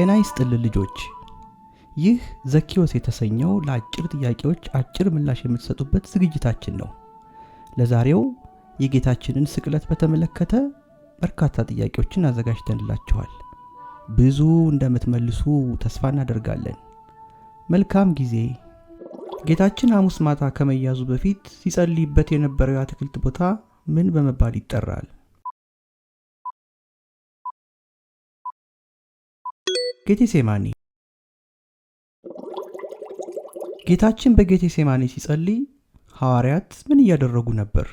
ጤና ይስጥል ልጆች፣ ይህ ዘኪዎስ የተሰኘው ለአጭር ጥያቄዎች አጭር ምላሽ የምትሰጡበት ዝግጅታችን ነው። ለዛሬው የጌታችንን ስቅለት በተመለከተ በርካታ ጥያቄዎችን አዘጋጅተንላችኋል። ብዙ እንደምትመልሱ ተስፋ እናደርጋለን። መልካም ጊዜ። ጌታችን አሙስ ማታ ከመያዙ በፊት ሲጸልይበት የነበረው የአትክልት ቦታ ምን በመባል ይጠራል? ጌቴሴማኒ ጌታችን በጌቴሴማኒ ሲጸልይ ሐዋርያት ምን እያደረጉ ነበር?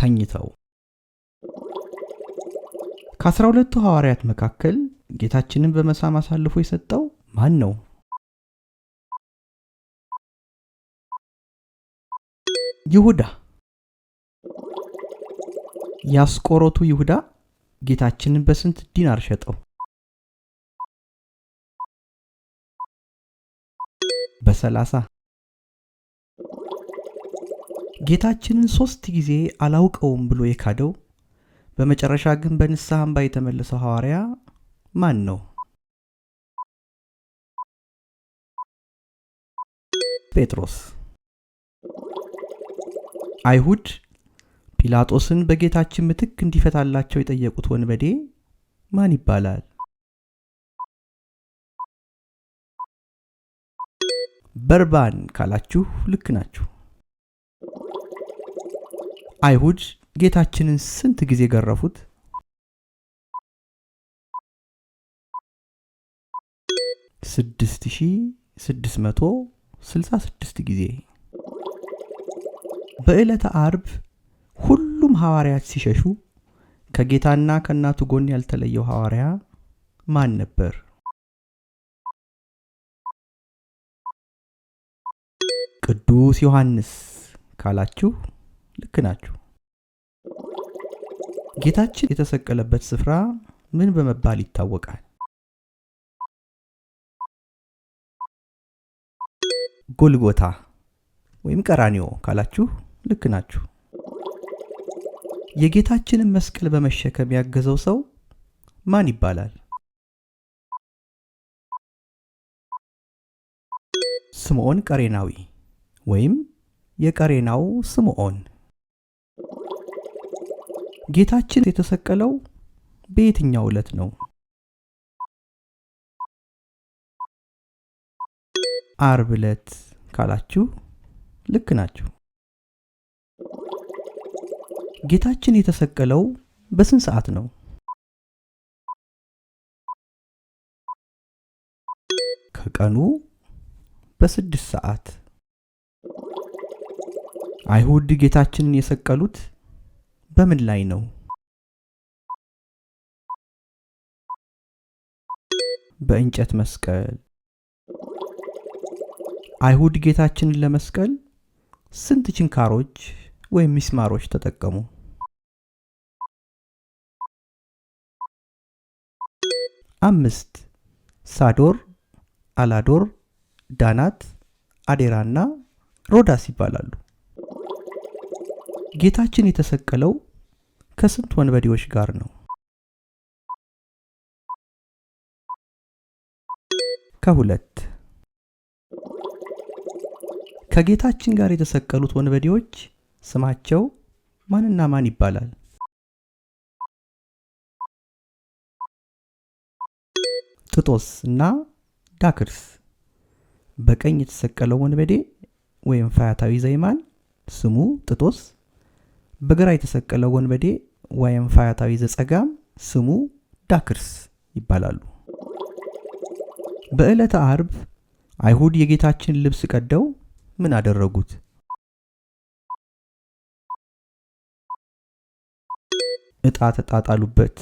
ተኝተው። ከአስራ ሁለቱ ሐዋርያት መካከል ጌታችንን በመሳም አሳልፎ የሰጠው ማን ነው? ይሁዳ የአስቆሮቱ ይሁዳ ጌታችንን በስንት ዲናር ሸጠው? በሰላሳ ጌታችንን ሦስት ጊዜ አላውቀውም ብሎ የካደው በመጨረሻ ግን በንስሐ እምባ የተመለሰው ሐዋርያ ማን ነው? ጴጥሮስ። አይሁድ ጲላጦስን በጌታችን ምትክ እንዲፈታላቸው የጠየቁት ወንበዴ ማን ይባላል? በርባን ካላችሁ ልክ ናችሁ። አይሁድ ጌታችንን ስንት ጊዜ ገረፉት? ስድስት ሺ ስድስት መቶ ስልሳ ስድስት ጊዜ። በዕለተ አርብ ሁሉም ሐዋርያት ሲሸሹ ከጌታና ከእናቱ ጎን ያልተለየው ሐዋርያ ማን ነበር? ቅዱስ ዮሐንስ ካላችሁ ልክ ናችሁ። ጌታችን የተሰቀለበት ስፍራ ምን በመባል ይታወቃል? ጎልጎታ ወይም ቀራኒዮ ካላችሁ ልክ ናችሁ። የጌታችንን መስቀል በመሸከም ያገዘው ሰው ማን ይባላል? ስምዖን ቀሬናዊ ወይም የቀሬናው ስምዖን። ጌታችን የተሰቀለው በየትኛው ዕለት ነው? አርብ ዕለት ካላችሁ ልክ ናችሁ። ጌታችን የተሰቀለው በስንት ሰዓት ነው? ከቀኑ በስድስት ሰዓት። አይሁድ ጌታችንን የሰቀሉት በምን ላይ ነው? በእንጨት መስቀል። አይሁድ ጌታችንን ለመስቀል ስንት ችንካሮች ወይም ሚስማሮች ተጠቀሙ? አምስት ሳዶር፣ አላዶር፣ ዳናት፣ እና ሮዳስ ይባላሉ። ጌታችን የተሰቀለው ከስንት ወንበዴዎች ጋር ነው? ከሁለት። ከጌታችን ጋር የተሰቀሉት ወንበዴዎች ስማቸው ማንና ማን ይባላል? ጥጦስ እና ዳክርስ፣ በቀኝ የተሰቀለው ወንበዴ ወይም ፋያታዊ ዘይማን ስሙ ጥጦስ፣ በግራ የተሰቀለው ወንበዴ ወይም ፋያታዊ ዘጸጋም ስሙ ዳክርስ ይባላሉ። በዕለተ አርብ አይሁድ የጌታችን ልብስ ቀደው ምን አደረጉት? እጣ ተጣጣሉበት።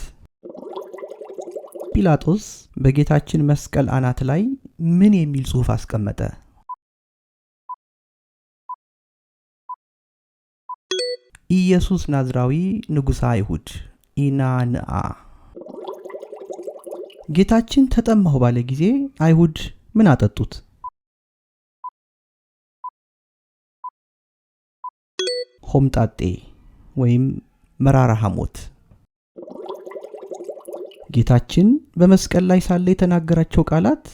ጲላጦስ በጌታችን መስቀል አናት ላይ ምን የሚል ጽሑፍ አስቀመጠ? ኢየሱስ ናዝራዊ ንጉሥ አይሁድ ኢናንአ። ጌታችን ተጠማሁ ባለ ጊዜ አይሁድ ምን አጠጡት? ሆምጣጤ ወይም መራራ ሐሞት ጌታችን በመስቀል ላይ ሳለ የተናገራቸው ቃላት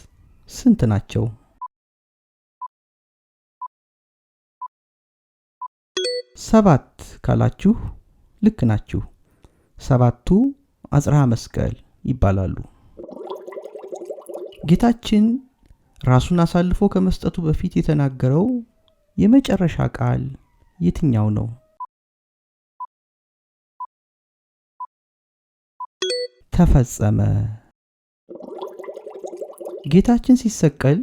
ስንት ናቸው? ሰባት ካላችሁ ልክ ናችሁ። ሰባቱ አጽርሃ መስቀል ይባላሉ። ጌታችን ራሱን አሳልፎ ከመስጠቱ በፊት የተናገረው የመጨረሻ ቃል የትኛው ነው? ተፈጸመ። ጌታችን ሲሰቀል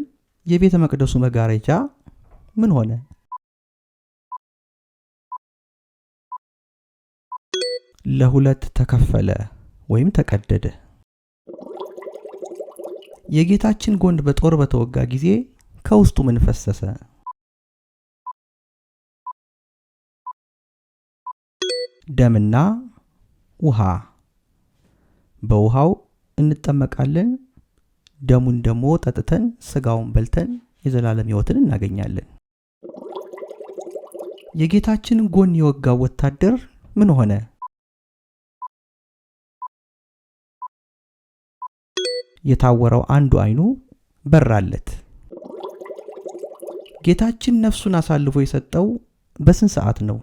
የቤተ መቅደሱ መጋረጃ ምን ሆነ? ለሁለት ተከፈለ ወይም ተቀደደ። የጌታችን ጎን በጦር በተወጋ ጊዜ ከውስጡ ምን ፈሰሰ? ደምና ውሃ በውሃው እንጠመቃለን፣ ደሙን ደሞ ጠጥተን ስጋውን በልተን የዘላለም ህይወትን እናገኛለን። የጌታችን ጎን የወጋው ወታደር ምን ሆነ? የታወረው አንዱ አይኑ በራለት። ጌታችን ነፍሱን አሳልፎ የሰጠው በስንት ሰዓት ነው?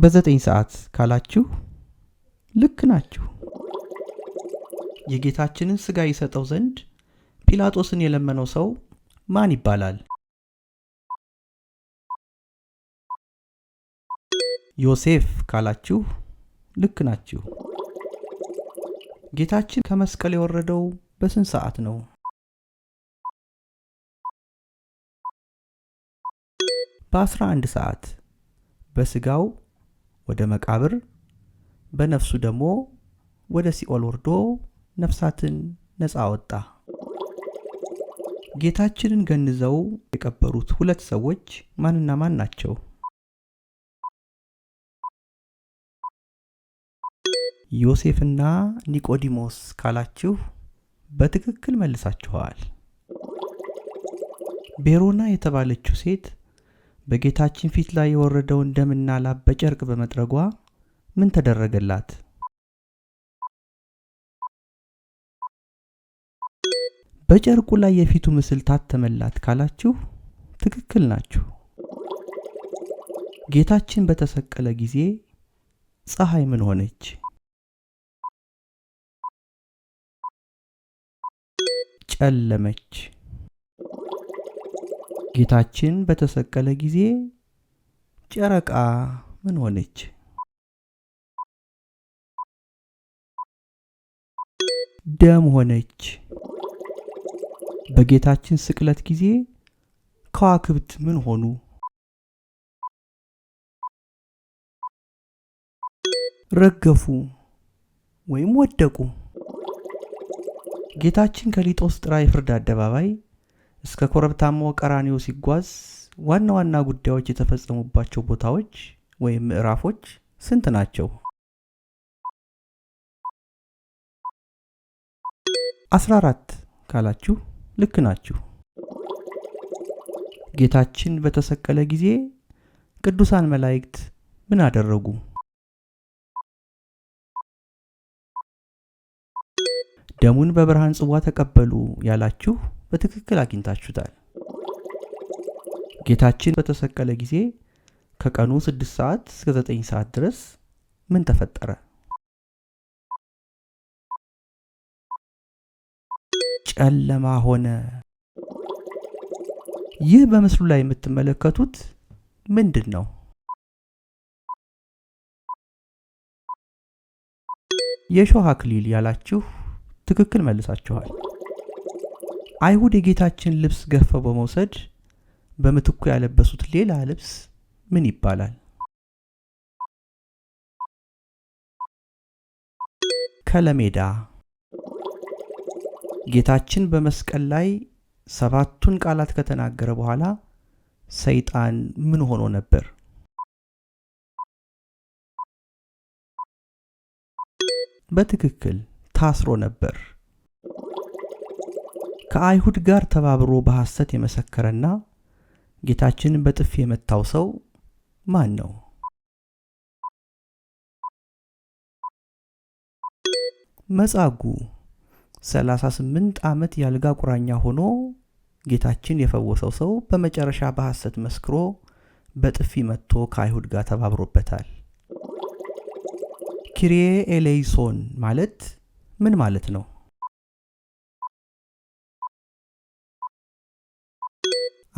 በዘጠኝ ሰዓት ካላችሁ ልክ ናችሁ። የጌታችንን ሥጋ ይሰጠው ዘንድ ጲላጦስን የለመነው ሰው ማን ይባላል? ዮሴፍ ካላችሁ ልክ ናችሁ። ጌታችን ከመስቀል የወረደው በስንት ሰዓት ነው? በ11 ሰዓት በስጋው? ወደ መቃብር በነፍሱ ደግሞ ወደ ሲኦል ወርዶ ነፍሳትን ነፃ ወጣ። ጌታችንን ገንዘው የቀበሩት ሁለት ሰዎች ማንና ማን ናቸው? ዮሴፍና ኒቆዲሞስ ካላችሁ በትክክል መልሳችኋል። ቤሮና የተባለችው ሴት በጌታችን ፊት ላይ የወረደውን ደምና ላብ በጨርቅ በመጥረጓ ምን ተደረገላት? በጨርቁ ላይ የፊቱ ምስል ታተመላት ካላችሁ ትክክል ናችሁ። ጌታችን በተሰቀለ ጊዜ ፀሐይ ምን ሆነች? ጨለመች። ጌታችን በተሰቀለ ጊዜ ጨረቃ ምን ሆነች? ደም ሆነች። በጌታችን ስቅለት ጊዜ ከዋክብት ምን ሆኑ? ረገፉ ወይም ወደቁ። ጌታችን ከሊጦስጥራ የፍርድ አደባባይ እስከ ኮረብታማው ቀራኒዮ ሲጓዝ ዋና ዋና ጉዳዮች የተፈጸሙባቸው ቦታዎች ወይም ምዕራፎች ስንት ናቸው? 14 ካላችሁ ልክ ናችሁ። ጌታችን በተሰቀለ ጊዜ ቅዱሳን መላእክት ምን አደረጉ? ደሙን በብርሃን ጽዋ ተቀበሉ ያላችሁ በትክክል አግኝታችሁታል። ጌታችን በተሰቀለ ጊዜ ከቀኑ 6 ሰዓት እስከ 9 ሰዓት ድረስ ምን ተፈጠረ? ጨለማ ሆነ። ይህ በምስሉ ላይ የምትመለከቱት ምንድን ነው? የእሾህ አክሊል ያላችሁ ትክክል መልሳችኋል። አይሁድ የጌታችን ልብስ ገፈው በመውሰድ በምትኩ ያለበሱት ሌላ ልብስ ምን ይባላል? ከለሜዳ። ጌታችን በመስቀል ላይ ሰባቱን ቃላት ከተናገረ በኋላ ሰይጣን ምን ሆኖ ነበር? በትክክል ታስሮ ነበር። ከአይሁድ ጋር ተባብሮ በሐሰት የመሰከረና ጌታችን በጥፊ የመታው ሰው ማን ነው? መጻጉ 38 ዓመት ያልጋ ቁራኛ ሆኖ ጌታችን የፈወሰው ሰው በመጨረሻ በሐሰት መስክሮ በጥፊ መጥቶ ከአይሁድ ጋር ተባብሮበታል። ኪሪዬ ኤሌይሶን ማለት ምን ማለት ነው?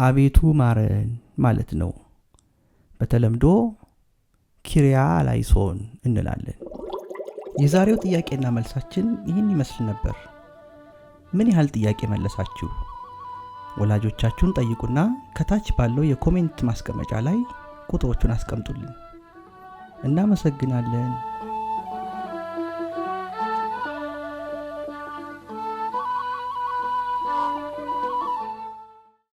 አቤቱ ማረን ማለት ነው። በተለምዶ ኪሪያ ላይሶን እንላለን። የዛሬው ጥያቄና መልሳችን ይህን ይመስል ነበር። ምን ያህል ጥያቄ መለሳችሁ? ወላጆቻችሁን ጠይቁና ከታች ባለው የኮሜንት ማስቀመጫ ላይ ቁጥሮቹን አስቀምጡልን። እናመሰግናለን።